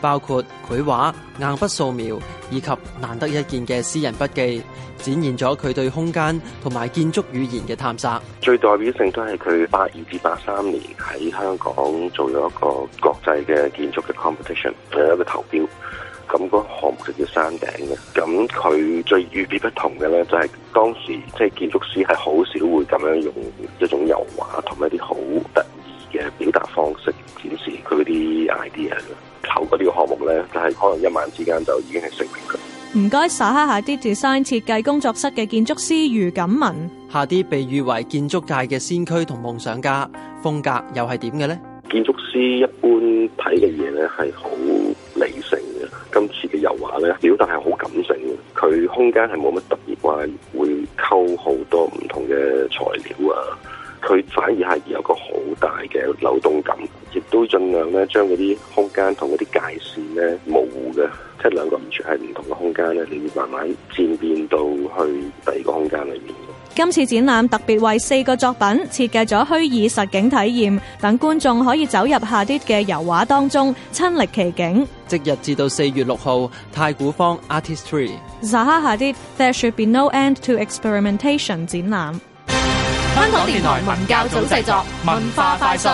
包括繪畫、硬筆素描以及難得一見嘅私人筆記，展現咗佢對空間同埋建築語言嘅探索。最代表性都係佢八二至八三年喺香港做咗一個國際嘅建築嘅 competition，有一個投標。咁、那、嗰個項目就叫山頂嘅。咁佢最與別不同嘅咧，就係當時即係建築師係好少會咁樣用一種油畫同埋一啲好得意嘅表達方式展示佢啲 idea 嘅。嗰啲項目咧，就係可能一晚之間就已經係成名嘅。唔該，撒下下啲 design 設計工作室嘅建築師余錦文，下啲被譽為建築界嘅先驅同夢想家，風格又係點嘅咧？建築師一般睇嘅嘢咧，係好理性嘅，今次嘅油畫咧表達係好感性嘅。佢空間係冇乜特別話，會溝好多唔同嘅材料啊，佢反而係有個好大嘅流動感。亦都盡量咧，將嗰啲空間同嗰啲界線咧模糊嘅，即係兩個完全係唔同嘅空間咧，你要慢慢漸變到去第二個空間裏面。今次展覽特別為四個作品設計咗虛擬實景體驗，等觀眾可以走入下啲嘅油畫當中，親歷其境。即日至到四月六號，太古坊 Artistry Zaha Hadid There should be no end to experimentation 展覽。香港電台文教組製作文化快訊。